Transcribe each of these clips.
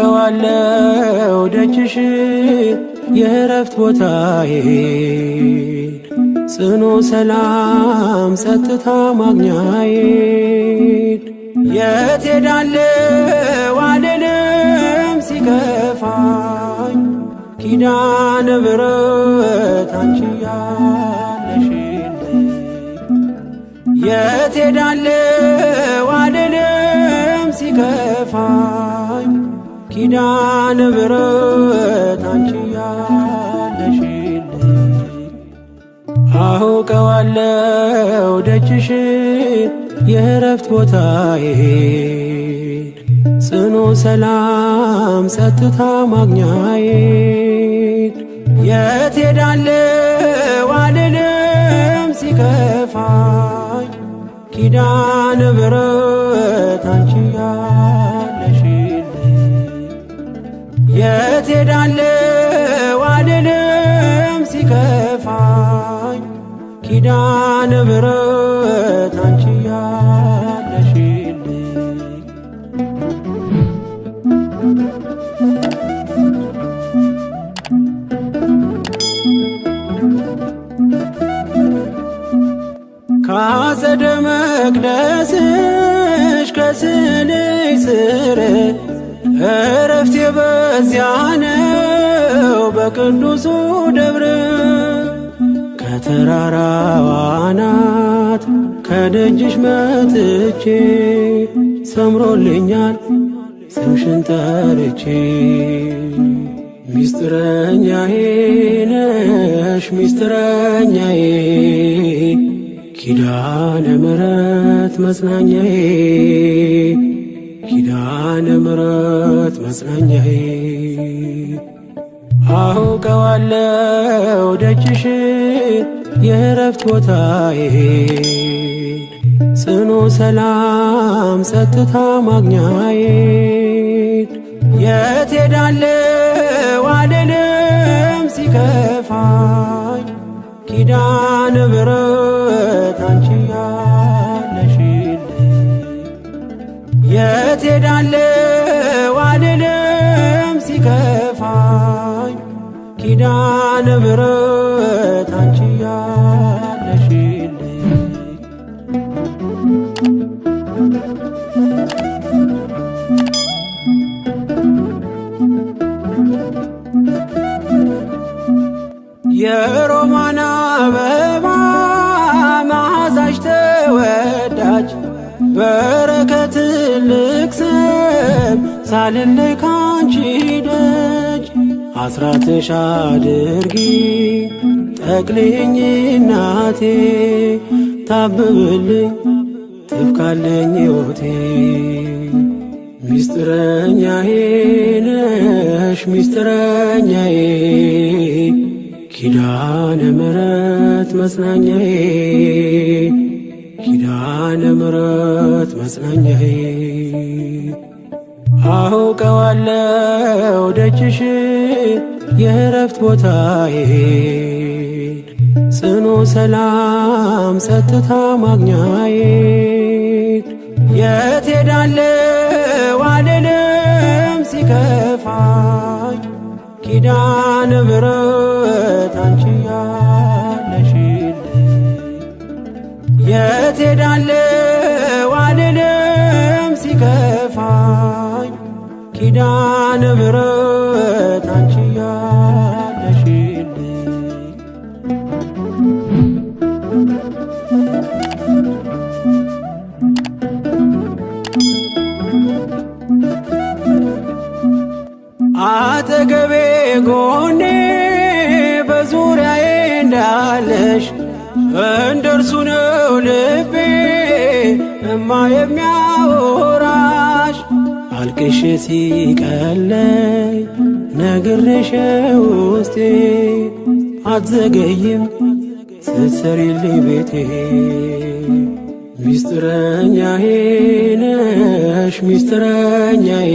አውቀዋለው ደጅሽ የእረፍት ቦታዬ ጽኑ ሰላም ጸጥታ ማግኛዬ የት ሄዳለው አልልም ሲከፋኝ ኪዳነ ምሕረት አንቺ ያለሽልኝ የት ሄዳለው ኪዳነ ምሕረት አንቺ ያለሽልኝ አውቀዋለው ደጅሽን የእረፍት ቦታዬ ጽኑ ሰላም ጸጥታ ማግኛዬ የት ሄዳለው አልልም ሲከፋኝ ኪዳነ ምሕረት አንቺ የት ሄዳለሁ አልልም ሲከፋኝ ኪዳነ ምሕረት አንቺ ያለሽልኝ ካጸደ መቅደስሽ ከስዕልሽ ስር ረፍት የበዚያ ነው በቅዱሱ ደብረ ከተራራው አናት ከደጅሽ መጥቼ ሰምሮልኛል ስምሽን ጠርቼ ሚስጥረኛዬ ነሽ ሚስጥረኛዬ ኪዳነ ምሕረት መጽናኛዬ ኪዳነ ምሕረት መጽናኛዬ አውቀዋለሁ ደጅሽን የእረፍት ቦታዬ ጽኑ ሰላም ጸጥታ ማግኛዬ የት ሄዳለ ሲከፋኝ ኪዳነ ምሕረት አንቺ ያለሽልኝ የሮማን አበባ መዓዛሽ ተወዳጅ በረከት ልቅሰም ሳልለይ አስራትሽ አድርጊ ጠቅልኝ እናቴ ታብብልኝ ትብካለኝ ወቴ ሚስጥረኛዬ ነሽ ሚስጥረኛዬ ኪዳነ ምሕረት መጽናኛዬ ኪዳነ ምሕረት መጽናኛዬ አውቀዋለሁ ደጅሽ የእረፍት ቦታዬን ጽኑ ሰላም ጸጥታ ማግኛዬን የት ሄዳለሁ አልልም ሲከፋኝ ኪዳነ ምሕረት አንቺ ያለሽልኝ የት ሄዳለሁ አልልም ሲከፋኝ ኪዳነ ምሕረት አጠገቤ ጎኔ በዙሪያዬ እንዳለሽ እንደርሱ ነው ልቤ እማ የሚያወራሽ አልቅሽ ሲቀለይ ነግርሽ ውስጤ አትዘገይም ስትሰሪልኝ ቤቴ ሚስጥረኛዬ ነሽ ሚስጥረኛዬ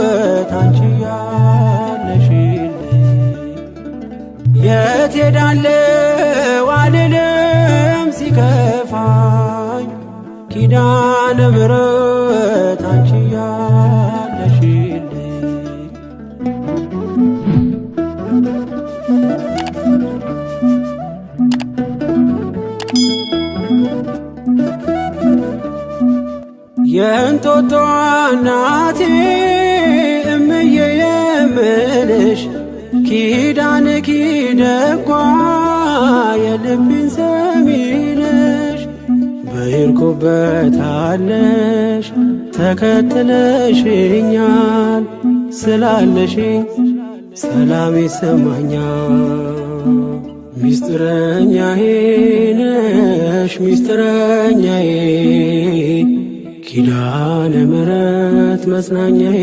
ሕይወት አንቺ ያለሽልኝ የት አልልም ሲከፋኝ ኪዳነ ምሕረት ኪዳነ ኪደጓ የልቤን ሰሚነሽ ነሽ አለሽ ተከትለሽኛል ስላለሽ ሰላም ይሰማኛል። ሚስጥረኛዬ ነሽ ሚስጥረኛዬ ኪዳነ ምሕረት መጽናኛዬ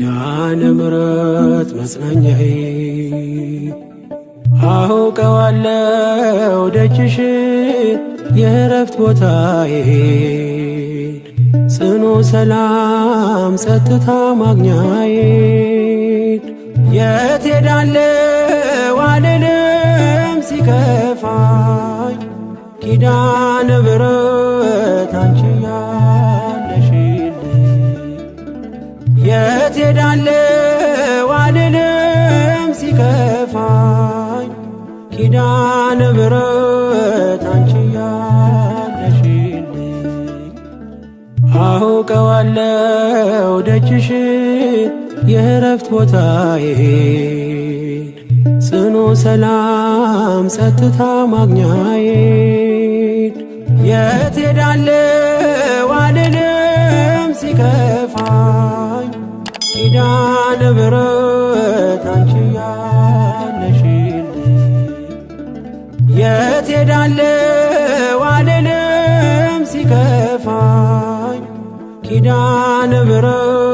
ኪዳነ ምሕረት መጽናኛዬ አውቀዋለሁ ደጅሽ የእረፍት ቦታዬ ጽኑ ሰላም ጸጥታ ማግኛዬ የት ሄዳለሁ አልልም ሲከፋኝ ኪዳነ ምሕረት አንቺያ ሕይወት አንቺ ያለሽልኝ አውቀዋለው ደጅሽን የእረፍት ቦታዬን ጽኑ ሰላም ጸጥታ ማግኛዬ ሲከፋኝ ኪዳነ ምሕረት